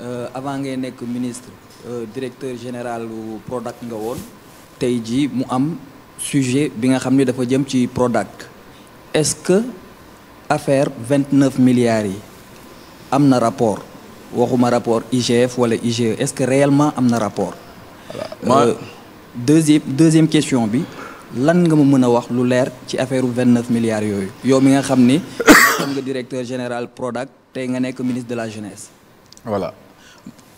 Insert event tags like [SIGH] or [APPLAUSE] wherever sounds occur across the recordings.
Euh, avant ngay nekk ministre euh, directeur général Prodac nga woon tey jii mu am sujet bi nga xam ne dafa jëm ci Prodac est-ce que affaire vingt neuf milliards yi am na rapport waxuma rapport IGF wala IGE est-ce que réellement am na rapport. voilà euh, deuxième deuxième question bi lan nga mu mën a wax lu leer ci affaire vingt neuf milliards yooyu yow mi nga xam ni. xam [COUGHS] nga directeur général Prodac tey nga nekk ministre de la jeunesse. voilà.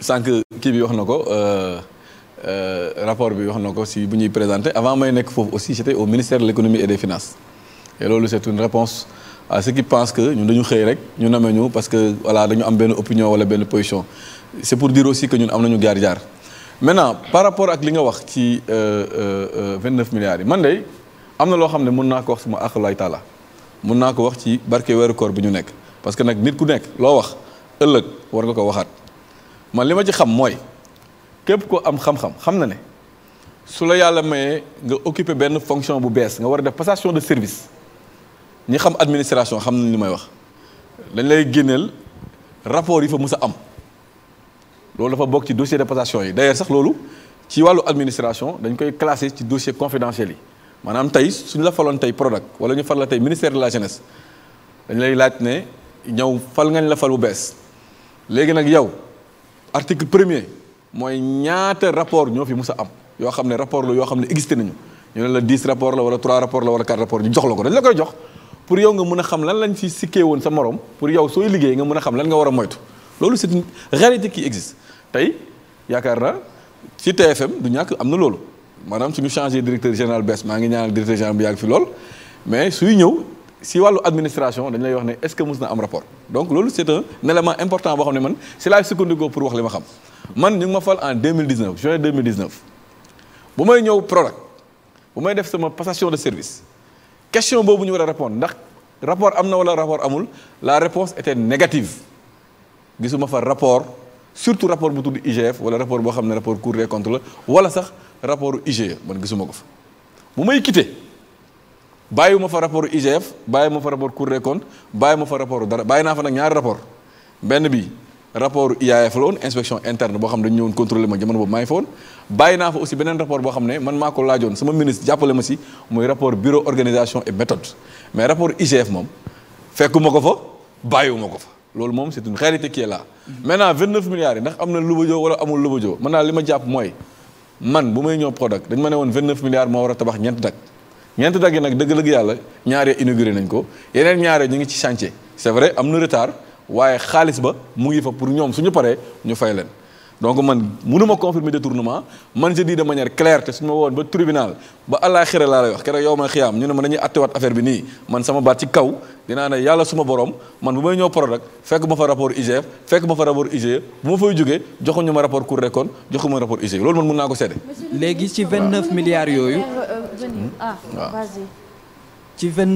sànq kii bi wax na ko euh, euh, rapport bi wax na ko si bu ñuy présenté avant may nekk foofu aussi j'étais au ministère de l'économie et des et loolu c'est une réponse à ceux qui pensent que ñun rek ñu namee ñu parce que voilà dañu am benn opinion benn position c'est pour dire aussi que ñun am nañu jaar jaar maintenant par rapport ak li nga wax ci 29 euh, milliards yi man de am na loo xam ne mun naa ko wax suma akulaay taala mun naa ko wax ci barke weeru koor bu ñu nekk parce que nag nit ku nekk loo wax ëllëg war nga ko waxaat man li ma ci xam mooy képp ko am xam-xam xam na ne su la yàlla mayee nga occuper benn fonction bu bees nga war a def passation de service ñi xam administration xam ni li may wax dañ lay génneel rapport yi fa mus a am loolu dafa bokk ci dossier de passation yi d'ailleurs sax loolu ci wàllu administration dañ koy classé ci dossier confidentiel yi maanaam tey suñu la faloon tey Prodac wala ñu fal la tey ministère de la jeunesse dañ lay laaj ne ñëw fal ngañ la fal bees léegi nag yow article premier mooy ñaata rapport ñoo fi mus a am yoo xam ne rapport la yoo xam ne existé nañu ñu ne la 10 rapport la wala 3 rapport la wala 4 rapport ñu jox la ko dañ la koy jox pour yow nga mën a xam lan lañ fi sikkee woon sa morom pour yow sooy liggéey nga mën a xam lan nga war a moytu loolu c'est une réalité qui existe tey yaakaar na ci TFM du ñàkk am na loolu maanaam suñu changé directeur général bees maa ngi ñaanal directeur général bu yàgg fi lool mais suy ñëw wàllu administration dañ lay wax ne est-ce que mus na am rapport donc loolu c' est un élément important boo xam ne man si laay sukkandikoo pour wax li ma xam man ñu ngi ma fal en juin bu may ñëw Prodac bu may def sama passation de service question boobu ñu war a répondre ndax rapport am na wala rapport amul la réponse était négative gisuma fa rapport surtout rapport bu tudd IGF wala rapport boo xam ne rapport Cour des comptes la wala sax rapport IGE man gisuma ko fa bu may quitté bàyyi ma fa rapport IGF bàyyi ma fa rapport Cour des comptes bàyyi ma fa rapport dara bàyyi naa fa nag ñaari rapport benn bi rapport IAF la woon inspection interne boo xam ne dañu ñëwoon ma jamono boobu maa ngi fa woon bàyyi naa fa ne man maa ko laajoon sama ministre jàppale ma si muy rapport bureau organisation mais rapport IGF moom fekkuma ko fa bàyyiwuma ko fa loolu moom c'est une réalité qui est là mhm. maintenant 29 milliards yi ndax am na lubajoo wala amul lubajoo man daal li ma jàpp mooy man bu may ñëw Prodac dañ ma ne woon 29 moo war a tabax ñeent dak ñeenti dagg yi nag dëgg-dëgg yàlla ñaare inauguré nañ ko yeneen ñaaree ñu ngi ci chantier c'est vrai am na retard waaye xaalis ba mu ngi fa pour ñoom suñu paree ñu fay leen donc man mënuma confirmer détournement man je dis de manière claire te suñu ma woon ba tribunal ba àllaaxira laa lay wax keroog yow ma xiyaam ñu ne ma dañuy attewaat affaire bi nii man sama baat ci kaw dinaa ne yàlla suma borom man bu may ñëw Prodac fekk ma fa rapport IGF fekk ma fa rapport IGE bu ma fay jógee joxuñu ma rapport Cour des comptes joxuñu ma rapport IGE loolu man mën naa ko seede léegi ci 29 milliards revenir mm-hmm. ah, ah. vas